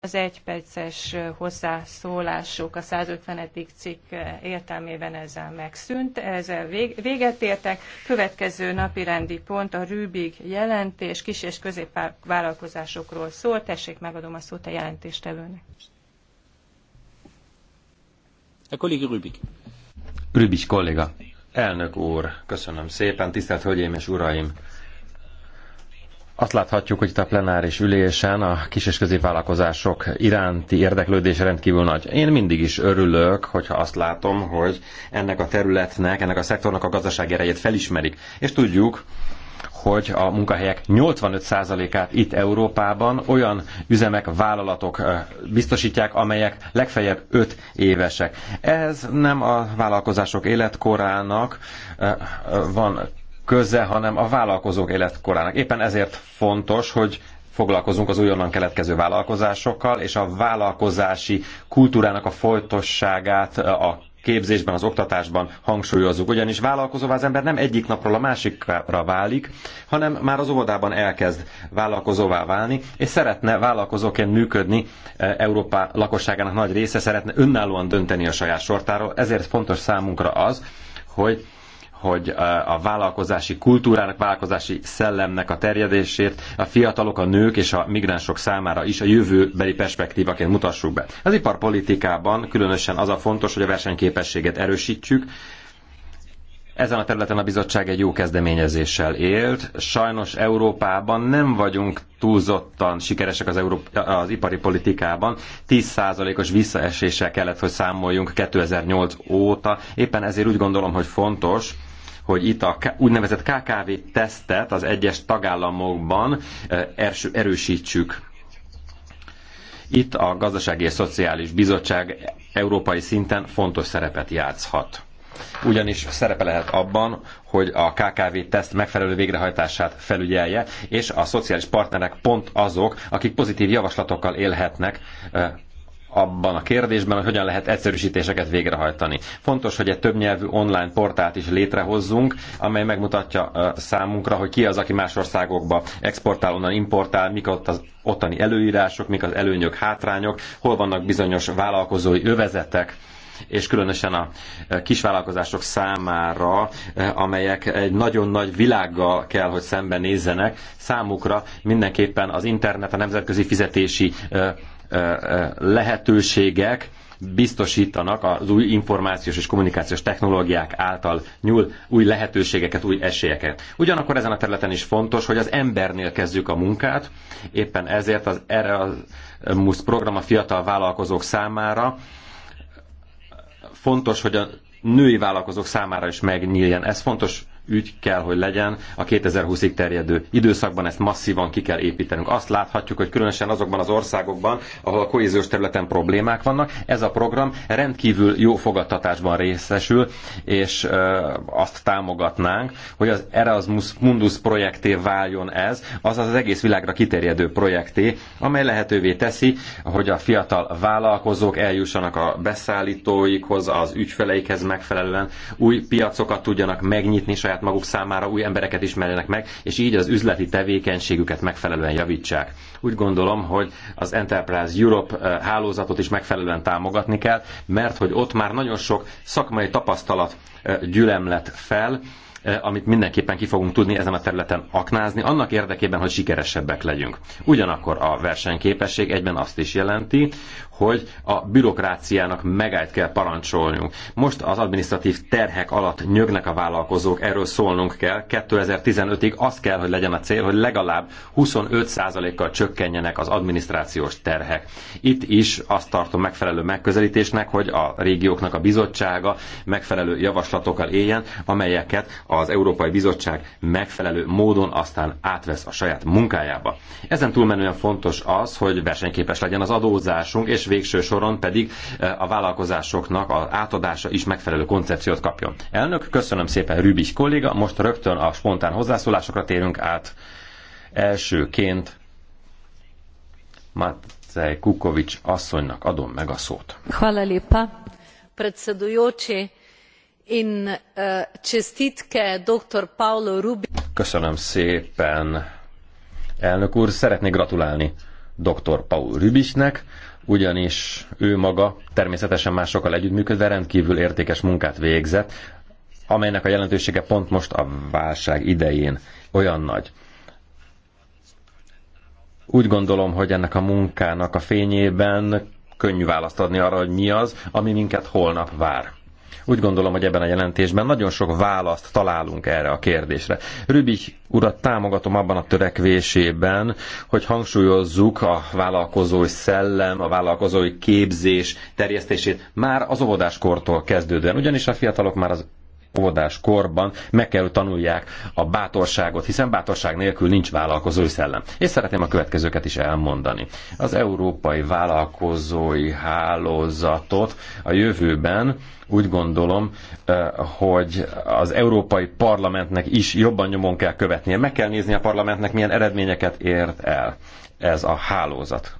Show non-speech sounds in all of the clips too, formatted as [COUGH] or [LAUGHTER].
az egyperces hozzászólások a 150. cikk értelmében ezzel megszűnt, ezzel véget értek. Következő napi rendi pont a Rübig jelentés kis- és középvállalkozásokról szól. Tessék, megadom a szót a jelentéstevőnek. A kollégi Rübig. Rübig kolléga. Elnök úr, köszönöm szépen, tisztelt Hölgyeim és Uraim! Azt láthatjuk, hogy itt a plenáris ülésen a kis és középvállalkozások iránti érdeklődés rendkívül nagy. Én mindig is örülök, hogyha azt látom, hogy ennek a területnek, ennek a szektornak a gazdasági erejét felismerik. És tudjuk, hogy a munkahelyek 85%-át itt Európában olyan üzemek, vállalatok biztosítják, amelyek legfeljebb 5 évesek. Ez nem a vállalkozások életkorának van köze, hanem a vállalkozók életkorának. Éppen ezért fontos, hogy foglalkozunk az újonnan keletkező vállalkozásokkal, és a vállalkozási kultúrának a folytosságát a képzésben, az oktatásban hangsúlyozzuk. Ugyanis vállalkozóvá az ember nem egyik napról a másikra válik, hanem már az óvodában elkezd vállalkozóvá válni, és szeretne vállalkozóként működni e, Európa lakosságának nagy része, szeretne önállóan dönteni a saját sortáról. Ezért fontos számunkra az, hogy hogy a vállalkozási kultúrának, vállalkozási szellemnek a terjedését a fiatalok, a nők és a migránsok számára is a jövőbeli perspektívaként mutassuk be. Az iparpolitikában különösen az a fontos, hogy a versenyképességet erősítsük, ezen a területen a bizottság egy jó kezdeményezéssel élt. Sajnos Európában nem vagyunk túlzottan sikeresek az, Európa, az ipari politikában. 10%-os visszaeséssel kellett, hogy számoljunk 2008 óta. Éppen ezért úgy gondolom, hogy fontos, hogy itt a úgynevezett KKV tesztet az egyes tagállamokban e, erősítsük. Itt a Gazdasági és Szociális Bizottság európai szinten fontos szerepet játszhat ugyanis szerepe lehet abban, hogy a KKV teszt megfelelő végrehajtását felügyelje, és a szociális partnerek pont azok, akik pozitív javaslatokkal élhetnek e, abban a kérdésben, hogy hogyan lehet egyszerűsítéseket végrehajtani. Fontos, hogy egy többnyelvű online portált is létrehozzunk, amely megmutatja számunkra, hogy ki az, aki más országokba exportál, onnan importál, mik ott az ottani előírások, mik az előnyök, hátrányok, hol vannak bizonyos vállalkozói övezetek, és különösen a kisvállalkozások számára, amelyek egy nagyon nagy világgal kell, hogy szembenézzenek, számukra mindenképpen az internet, a nemzetközi fizetési lehetőségek biztosítanak az új információs és kommunikációs technológiák által nyúl új lehetőségeket, új esélyeket. Ugyanakkor ezen a területen is fontos, hogy az embernél kezdjük a munkát, éppen ezért az Erasmus program a fiatal vállalkozók számára fontos, hogy a női vállalkozók számára is megnyíljen. Ez fontos ügy kell, hogy legyen a 2020-ig terjedő időszakban, ezt masszívan ki kell építenünk. Azt láthatjuk, hogy különösen azokban az országokban, ahol a kohéziós területen problémák vannak, ez a program rendkívül jó fogadtatásban részesül, és azt támogatnánk, hogy az Erasmus Mundus projekté váljon ez, azaz az egész világra kiterjedő projekté, amely lehetővé teszi, hogy a fiatal vállalkozók eljussanak a beszállítóikhoz, az ügyfeleikhez megfelelően, új piacokat tudjanak megnyitni saját saját maguk számára új embereket ismerjenek meg, és így az üzleti tevékenységüket megfelelően javítsák. Úgy gondolom, hogy az Enterprise Europe eh, hálózatot is megfelelően támogatni kell, mert hogy ott már nagyon sok szakmai tapasztalat eh, gyülemlet fel, Eh, amit mindenképpen ki fogunk tudni ezen a területen aknázni, annak érdekében, hogy sikeresebbek legyünk. Ugyanakkor a versenyképesség egyben azt is jelenti, hogy a bürokráciának megállt kell parancsolnunk. Most az administratív terhek alatt nyögnek a vállalkozók, erről szólnunk kell. 2015-ig az kell, hogy legyen a cél, hogy legalább 25%-kal csökkenjenek az adminisztrációs terhek. Itt is azt tartom megfelelő megközelítésnek, hogy a régióknak a bizottsága megfelelő javaslatokkal éljen, amelyeket a az Európai Bizottság megfelelő módon aztán átvesz a saját munkájába. Ezen túlmenően fontos az, hogy versenyképes legyen az adózásunk, és végső soron pedig eh, a vállalkozásoknak az átadása is megfelelő koncepciót kapjon. Elnök, köszönöm szépen Rübis kolléga, most rögtön a spontán hozzászólásokra térünk át. Elsőként Matej Kukovics asszonynak adom meg a szót. Hvala lepa, predsedujoči in uh, čestitke dr. Paolo Rubik. Köszönöm szépen, elnök úr. Szeretnék gratulálni dr. Paul Rubisnek, ugyanis ő maga természetesen másokkal együttműködve rendkívül értékes munkát végzett, amelynek a jelentősége pont most a válság idején olyan nagy. Úgy gondolom, hogy ennek a munkának a fényében könnyű választ adni arra, hogy mi az, ami minket holnap vár úgy gondolom, hogy ebben a jelentésben nagyon sok választ találunk erre a kérdésre. Rübich urat támogatom abban a törekvésében, hogy hangsúlyozzuk a vállalkozói szellem, a vállalkozói képzés terjesztését már az óvodáskortól kezdődően, ugyanis a fiatalok már az óvodás korban meg kell, hogy tanulják a bátorságot, hiszen bátorság nélkül nincs vállalkozói szellem. És szeretném a következőket is elmondani. Az európai vállalkozói hálózatot a jövőben úgy gondolom, hogy az Európai Parlamentnek is jobban nyomon kell követnie. Meg kell nézni a parlamentnek, milyen eredményeket ért el ez a hálózat.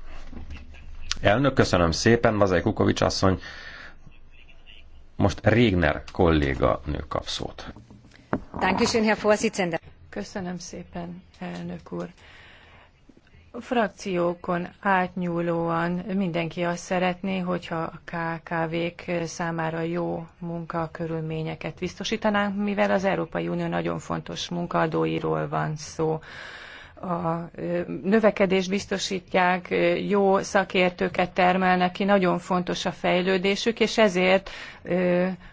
Elnök, köszönöm szépen, Mazai Kukovics asszony. Most Régner kolléga nő kap szót. Köszönöm szépen, elnök úr frakciókon átnyúlóan mindenki azt szeretné, hogyha a KKV-k számára jó munkakörülményeket biztosítanánk, mivel az Európai Unió nagyon fontos munkaadóiról van szó a növekedést biztosítják, jó szakértőket termelnek ki, nagyon fontos a fejlődésük, és ezért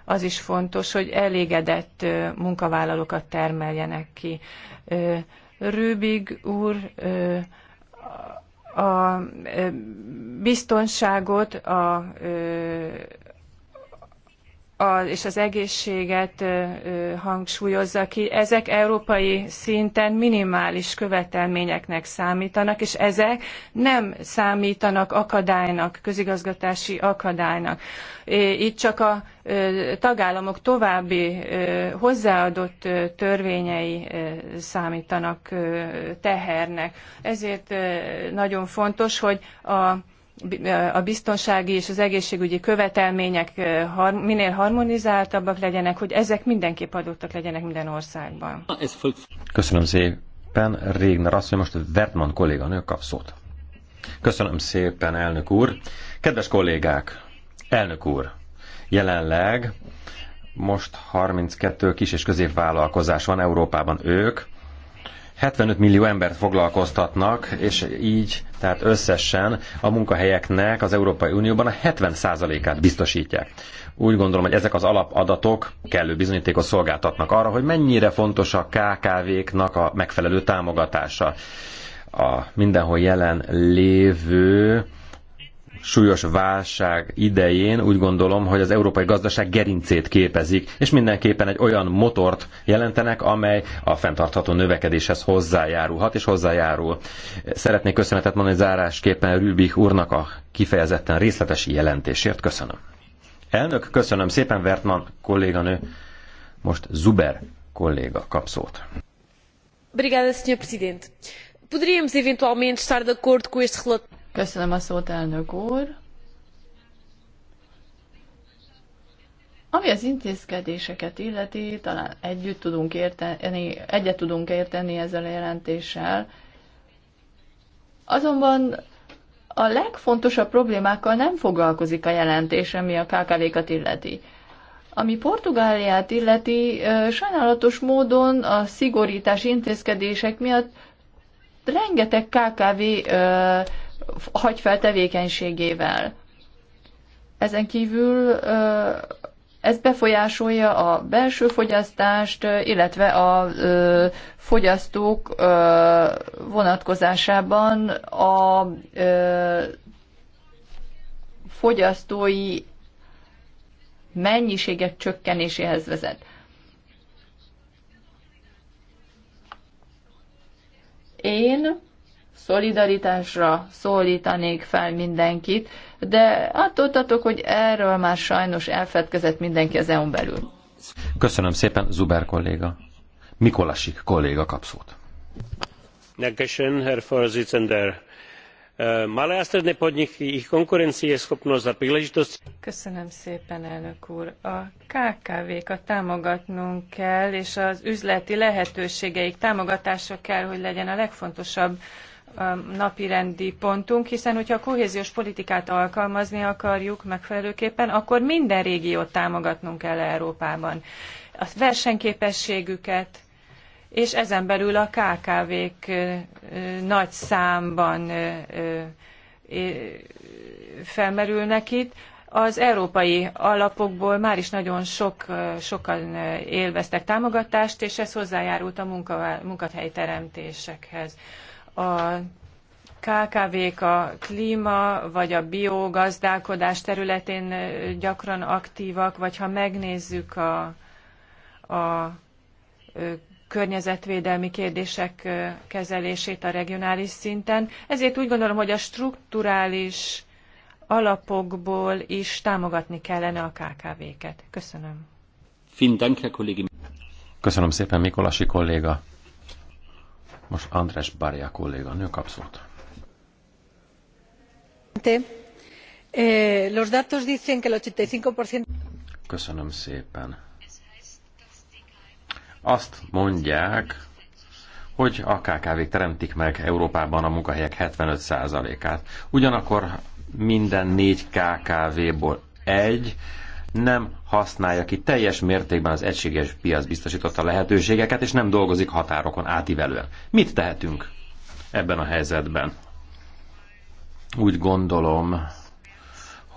az is fontos, hogy elégedett munkavállalókat termeljenek ki. Rübig úr a biztonságot, a a, és az egészséget ö, hangsúlyozza ki, ezek európai szinten minimális követelményeknek számítanak, és ezek nem számítanak akadálynak, közigazgatási akadálynak. Itt csak a ö, tagállamok további hozzáadott törvényei számítanak tehernek. Ezért nagyon fontos, hogy a a biztonsági és az egészségügyi követelmények minél harmonizáltabbak legyenek, hogy ezek mindenképp adottak legyenek minden országban. Köszönöm szépen, Régner asszony, most Vertman kolléganő kap szót. Köszönöm szépen, elnök úr. Kedves kollégák, elnök úr, jelenleg most 32 kis és középvállalkozás van Európában ők, 75 millió embert foglalkoztatnak, és így, tehát összesen a munkahelyeknek az Európai Unióban a 70%-át biztosítják. Úgy gondolom, hogy ezek az alapadatok kellő bizonyítékot szolgáltatnak arra, hogy mennyire fontos a KKV-knak a megfelelő támogatása. A mindenhol jelen lévő súlyos válság idején úgy gondolom, hogy az európai gazdaság gerincét képezik, és mindenképpen egy olyan motort jelentenek, amely a fenntartható növekedéshez hozzájárulhat és hozzájárul. Szeretnék köszönetet mondani zárásképpen Rübik úrnak a kifejezetten részletes jelentésért. Köszönöm. Elnök, köszönöm szépen, Vertman kolléganő. Most Zuber kolléga kap szót. Obrigada, Sr. Presidente. Poderíamos eventualmente estar de acordo com este relatório. Köszönöm a szót, elnök úr. Ami az intézkedéseket illeti, talán együtt tudunk érteni, egyet tudunk érteni ezzel a jelentéssel. Azonban a legfontosabb problémákkal nem foglalkozik a jelentés, ami a KKV-kat illeti. Ami Portugáliát illeti, sajnálatos módon a szigorítás intézkedések miatt rengeteg KKV hagy fel tevékenységével. Ezen kívül ez befolyásolja a belső fogyasztást, illetve a fogyasztók vonatkozásában a fogyasztói mennyiségek csökkenéséhez vezet. Én szolidaritásra szólítanék fel mindenkit, de attól tartok, hogy erről már sajnos elfedkezett mindenki az EU-n belül. Köszönöm szépen, Zuber kolléga. Mikolasik kolléga kap szót. Herr Vorsitzender. Malé a stredné podniky, ich konkurencieschopnosť a príležitosti... Köszönöm szépen, elnök úr. A KKV-kat támogatnunk kell, és az üzleti lehetőségeik támogatása kell, hogy legyen a legfontosabb Um, napirendi pontunk, hiszen hogyha a kohéziós politikát alkalmazni akarjuk megfelelőképpen, akkor minden régiót támogatnunk kell Európában. A versenyképességüket, és ezen belül a KKV-k nagy számban felmerülnek itt. Az európai alapokból már is nagyon sok, sokan élveztek támogatást, és ez hozzájárult a munkahelyteremtésekhez. teremtésekhez a KKV-k a klíma vagy a biogazdálkodás területén gyakran aktívak, vagy ha megnézzük a, a környezetvédelmi kérdések kezelését a regionális szinten. Ezért úgy gondolom, hogy a strukturális alapokból is támogatni kellene a KKV-ket. Köszönöm. Köszönöm szépen, Mikolasi kolléga. Most András Bárja kolléganő kap szót. Eh, Köszönöm szépen. Azt mondják, hogy a kkv teremtik meg Európában a munkahelyek 75%-át. Ugyanakkor minden négy KKV-ból egy nem használja ki teljes mértékben az egységes piac biztosította lehetőségeket, és nem dolgozik határokon átívelően. Mit tehetünk ebben a helyzetben? Úgy gondolom,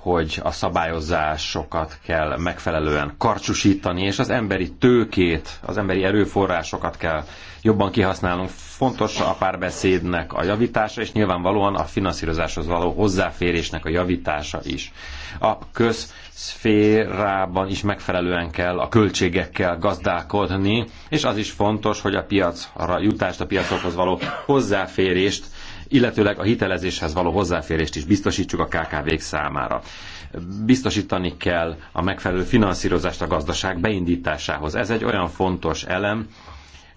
hogy a szabályozásokat kell megfelelően karcsúsítani, és az emberi tőkét, az emberi erőforrásokat kell jobban kihasználnunk. Fontos a párbeszédnek a javítása, és nyilvánvalóan a finanszírozáshoz való hozzáférésnek a javítása is. A közszférában is megfelelően kell a költségekkel gazdálkodni, és az is fontos, hogy a piacra jutást, a piacokhoz való hozzáférést illetőleg a hitelezéshez való hozzáférést is biztosítsuk a KKV-k számára. Biztosítani kell a megfelelő finanszírozást a gazdaság beindításához. Ez egy olyan fontos elem,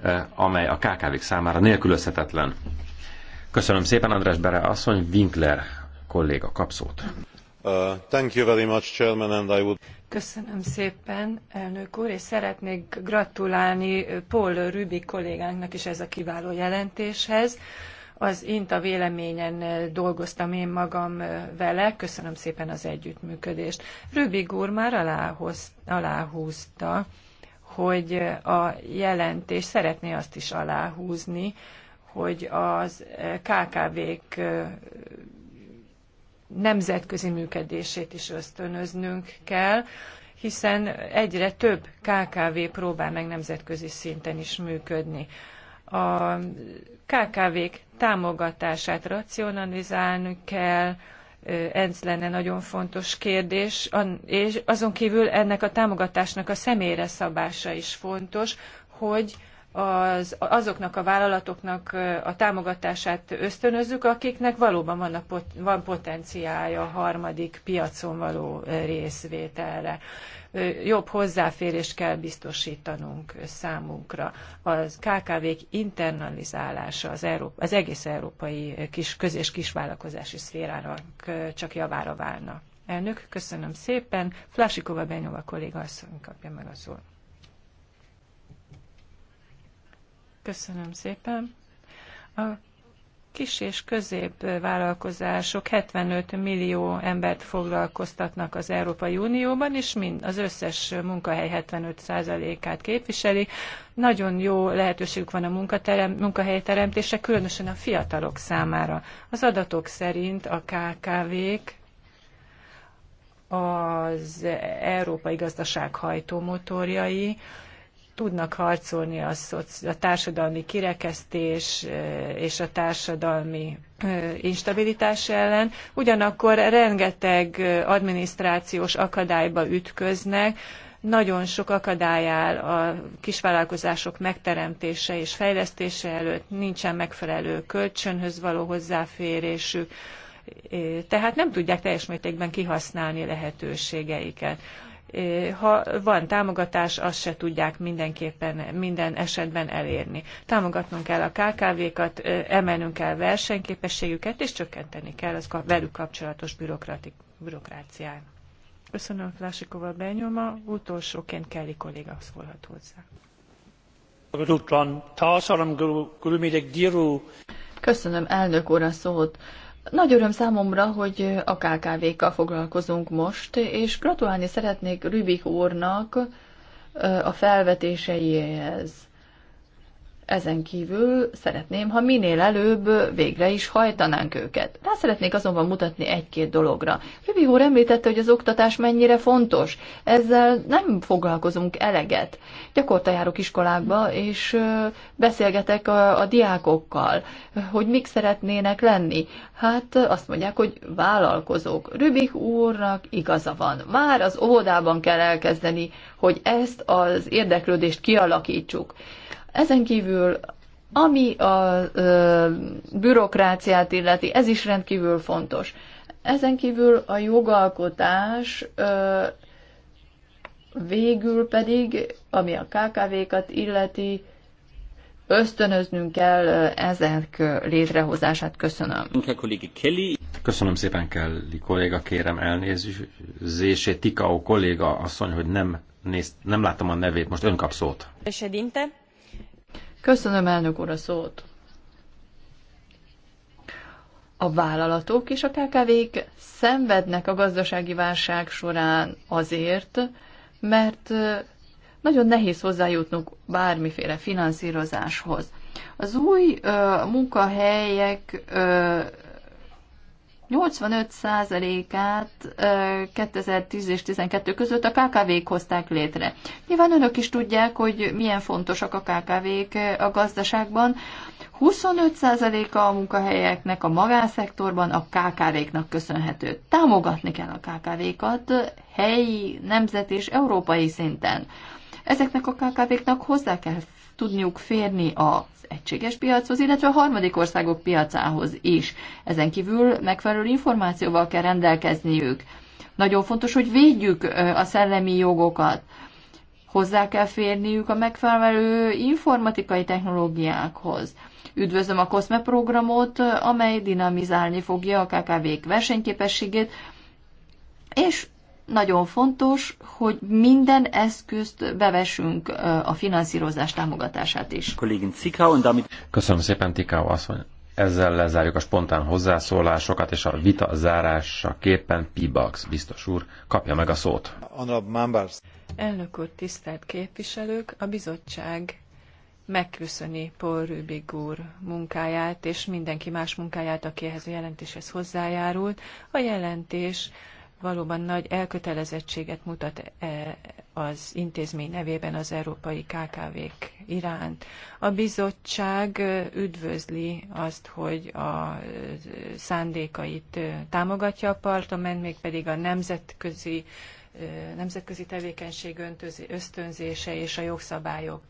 eh, amely a KKV-k számára nélkülözhetetlen. Köszönöm szépen, András Bere asszony, Winkler kolléga kap szót. Uh, thank you very much, Chairman, and I would... Köszönöm szépen, elnök úr, és szeretnék gratulálni Paul Rübi kollégánknak is ez a kiváló jelentéshez. Az INTA véleményen dolgoztam én magam vele, köszönöm szépen az együttműködést. Rübig úr már alához, aláhúzta, hogy a jelentés szeretné azt is aláhúzni, hogy az KKV-k nemzetközi működését is ösztönöznünk kell, hiszen egyre több KKV próbál meg nemzetközi szinten is működni. A KKV-k támogatását racionalizálni kell, ez lenne nagyon fontos kérdés, és azon kívül ennek a támogatásnak a személyre szabása is fontos, hogy az, azoknak a vállalatoknak a támogatását ösztönözzük, akiknek valóban pot van potenciálja a harmadik piacon való részvételre. Jobb hozzáférést kell biztosítanunk számunkra. a KKV-k internalizálása az, Európa, az egész európai kis, köz- és kisvállalkozási szférának csak javára válna. Elnök, köszönöm szépen. Flásikova Benyova kolléga asszony kapja meg a szót. Köszönöm szépen. A kis és közép vállalkozások 75 millió embert foglalkoztatnak az Európai Unióban, és mind az összes munkahely 75%-át képviseli. Nagyon jó lehetőségük van a munkaterem, munkahelyteremtése, különösen a fiatalok számára. Az adatok szerint a KKV-k az európai gazdaság hajtómotorjai, tudnak harcolni a, a társadalmi kirekesztés és a társadalmi instabilitás ellen, ugyanakkor rengeteg adminisztrációs akadályba ütköznek, nagyon sok akadály áll a kisvállalkozások megteremtése és fejlesztése előtt, nincsen megfelelő kölcsönhöz való hozzáférésük, tehát nem tudják teljes mértékben kihasználni lehetőségeiket. Eh, ha van támogatás, azt se tudják mindenképpen minden esetben elérni. Támogatnunk kell a KKV-kat, eh, emelnünk kell versenyképességüket, és csökkenteni kell az velük kapcsolatos bürokratik, bürokráciát. Köszönöm Lásikova Benyoma, utolsóként Kelly kolléga szólhat hozzá. Köszönöm elnök úr a szót. Nagy öröm számomra, hogy a KKV-kkal foglalkozunk most, és gratulálni szeretnék Rübik úrnak a felvetéseihez. Ezen kívül szeretném, ha minél előbb végre is hajtanánk őket. Rá szeretnék azonban mutatni egy-két dologra. Rübi úr említette, hogy az oktatás mennyire fontos. Ezzel nem foglalkozunk eleget. Gyakorta járok iskolákba, és beszélgetek a, a diákokkal, hogy mik szeretnének lenni. Hát azt mondják, hogy vállalkozók. Rübik úrnak igaza van. Már az óvodában kell elkezdeni, hogy ezt az érdeklődést kialakítsuk. Ezen kívül, ami a ö, bürokráciát illeti, ez is rendkívül fontos. Ezen kívül a jogalkotás ö, végül pedig, ami a KKV-kat illeti, ösztönöznünk kell ezek létrehozását. Köszönöm. Köszönöm szépen, Kelly kolléga, kérem elnézését. Tikao kolléga asszony, hogy nem, nem látom a nevét, most ön kap szót. Köszönöm. Köszönöm, elnök úr, a szót. A vállalatok és a kkv szenvednek a gazdasági válság során azért, mert nagyon nehéz hozzájutnunk bármiféle finanszírozáshoz. Az új uh, munkahelyek uh, 85%-át 2010 és 12 között a KKV-k hozták létre. Nyilván önök is tudják, hogy milyen fontosak a KKV-k a gazdaságban. 25%-a a munkahelyeknek a magánszektorban a KKV-knak köszönhető. Támogatni kell a KKV-kat helyi, nemzet és európai szinten. Ezeknek a KKV-knak hozzá kell tudniuk férni a egységes piachoz, illetve a harmadik országok piacához is. Ezen kívül megfelelő információval kell rendelkezniük. Nagyon fontos, hogy védjük a szellemi jogokat. Hozzá kell férniük a megfelelő informatikai technológiákhoz. Üdvözlöm a COSME programot, amely dinamizálni fogja a KKV-k versenyképességét, és nagyon fontos, hogy minden eszközt bevesünk a finanszírozás támogatását is. Köszönöm szépen, Tikau asszony. Ezzel lezárjuk a spontán hozzászólásokat, és a vita zárása képen Pibax biztos úr kapja meg a szót. Elnök úr, tisztelt képviselők, a bizottság megköszöni Paul Rübig úr munkáját, és mindenki más munkáját, aki ehhez a jelentéshez hozzájárult. A jelentés valóban nagy elkötelezettséget mutat e, az intézmény nevében az európai KKV-k iránt. A bizottság üdvözli azt, hogy a szándékait támogatja a parlament, mégpedig a nemzetközi nemzetközi tevékenység ösztönzése és a jogszabályok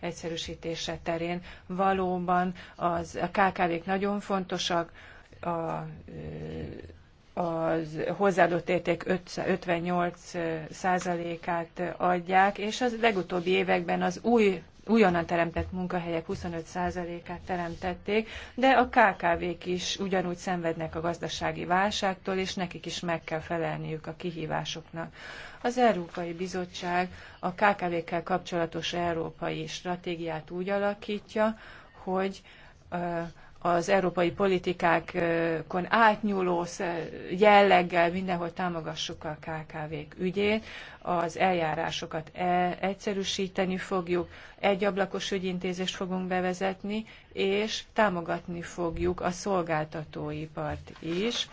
egyszerűsítése terén. Valóban az, a KKV-k nagyon fontosak, a az hozzáadott érték 58 százalékát adják, és az legutóbbi években az új újonnan teremtett munkahelyek 25%-át teremtették, de a KKV-k is ugyanúgy szenvednek a gazdasági válságtól, és nekik is meg kell felelniük a kihívásoknak. Az Európai Bizottság a KKV-kkel kapcsolatos európai stratégiát úgy alakítja, hogy az európai politikákon átnyúló jelleggel mindenhol támogassuk a KKV-k ügyét, az eljárásokat e, egyszerűsíteni fogjuk, egyablakos ügyintézést fogunk bevezetni, és támogatni fogjuk a szolgáltatóipart is,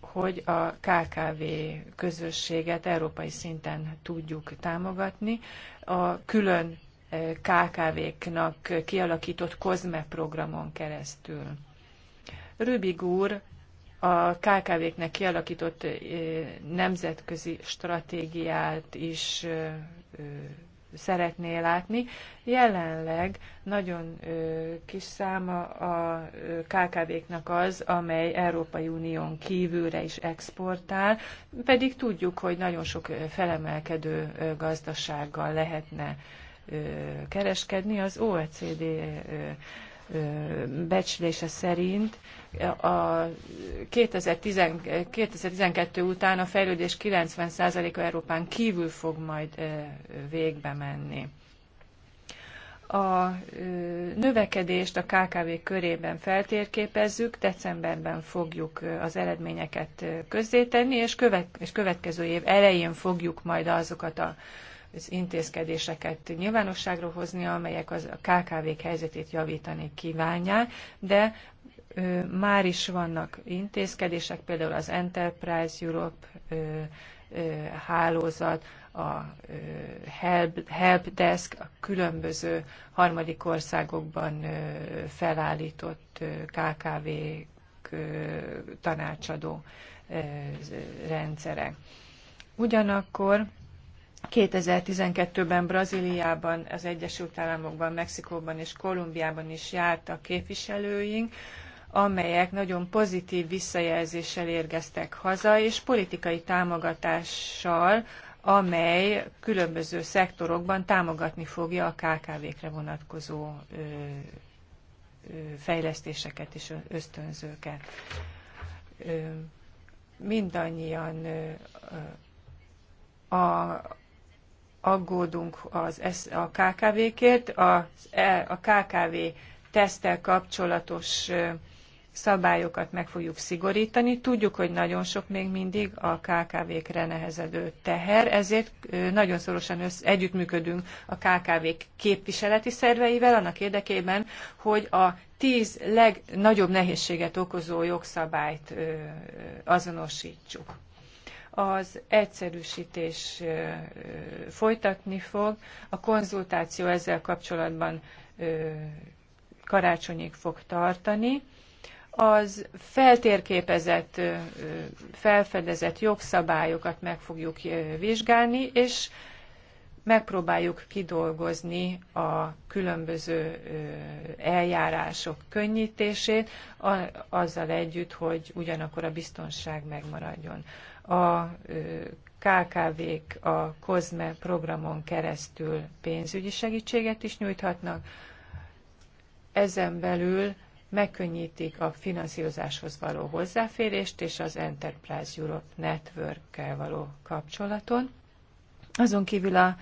hogy a KKV közösséget európai szinten tudjuk támogatni. A külön KKV-knak kialakított COSME programon keresztül. Rübig úr a KKV-knek kialakított nemzetközi stratégiát is szeretné látni. Jelenleg nagyon kis száma a KKV-knak az, amely Európai Unión kívülre is exportál, pedig tudjuk, hogy nagyon sok felemelkedő gazdasággal lehetne kereskedni. Az OECD becslése szerint a 2012 után a fejlődés 90%-a Európán kívül fog majd végbe menni. A növekedést a KKV körében feltérképezzük, decemberben fogjuk az eredményeket közzétenni, és, következő év elején fogjuk majd azokat a az intézkedéseket nyilvánosságra hozni, amelyek az, a KKV-k helyzetét javítani kívánják, de ö, már is vannak intézkedések, például az Enterprise Europe ö, ö, hálózat, a help, helpdesk, a különböző harmadik országokban felállított KKV tanácsadó rendszerek. Ugyanakkor 2012-ben Brazíliában, az Egyesült Államokban, Mexikóban és Kolumbiában is jártak képviselőink, amelyek nagyon pozitív visszajelzéssel érkeztek haza, és politikai támogatással, amely különböző szektorokban támogatni fogja a KKV-kre vonatkozó fejlesztéseket és ösztönzőket. mindannyian a, aggódunk az, a KKV-kért, a, e- a KKV tesztel kapcsolatos szabályokat meg fogjuk szigorítani. Tudjuk, hogy nagyon sok még mindig a KKV-kre nehezedő teher, ezért nagyon szorosan össz, együttműködünk a KKV-k képviseleti szerveivel, annak érdekében, hogy a tíz legnagyobb nehézséget okozó jogszabályt azonosítsuk az egyszerűsítés folytatni fog. A konzultáció ezzel kapcsolatban karácsonyig fog tartani. Az feltérképezett, felfedezett jogszabályokat meg fogjuk vizsgálni, és megpróbáljuk kidolgozni a különböző eljárások könnyítését, azzal együtt, hogy ugyanakkor a biztonság megmaradjon. A KKV-k a COSME programon keresztül pénzügyi segítséget is nyújthatnak, ezen belül megkönnyítik a finanszírozáshoz való hozzáférést és az Enterprise Europe Network-kel való kapcsolaton azon kívül a,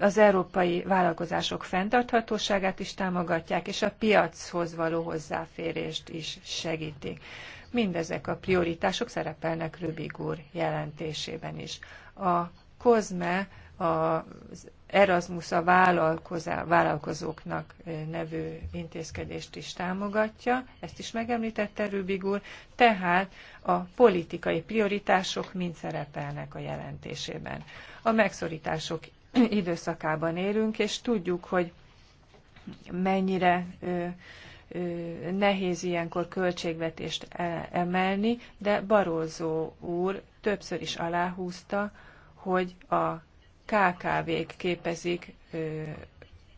az európai vállalkozások fenntarthatóságát is támogatják, és a piachoz való hozzáférést is segítik. Mindezek a prioritások szerepelnek Rübig úr jelentésében is. A COSME az Erasmus a vállalkozóknak nevű intézkedést is támogatja, ezt is megemlítette Rubig úr, tehát a politikai prioritások mind szerepelnek a jelentésében. A megszorítások [CLEARS THROAT] időszakában élünk, és tudjuk, hogy mennyire nehéz ilyenkor költségvetést e, emelni, de Barózó úr többször is aláhúzta, hogy a KKV-k képezik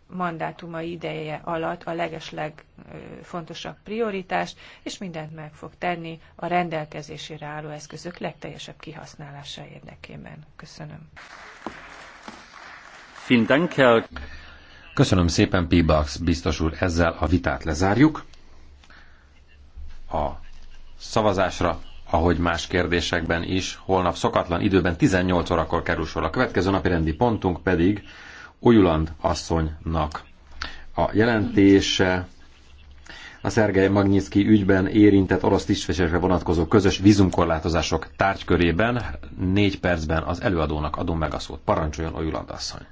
mandátuma ideje alatt a legesleg fontosabb prioritást, és mindent meg fog tenni a rendelkezésére álló eszközök legteljesebb kihasználása érdekében. Köszönöm. Köszönöm szépen, Pibax biztos úr, ezzel a vitát lezárjuk. A szavazásra ahogy más kérdésekben is, holnap szokatlan időben 18 órakor kerül sor. A következő napi rendi pontunk pedig Ujuland asszonynak a jelentése a Szergej Magnyiszki ügyben érintett orosz tisztviselésre vonatkozó közös vízumkorlátozások tárgykörében négy percben az előadónak adom meg a szót. Parancsoljon Ojuland asszony!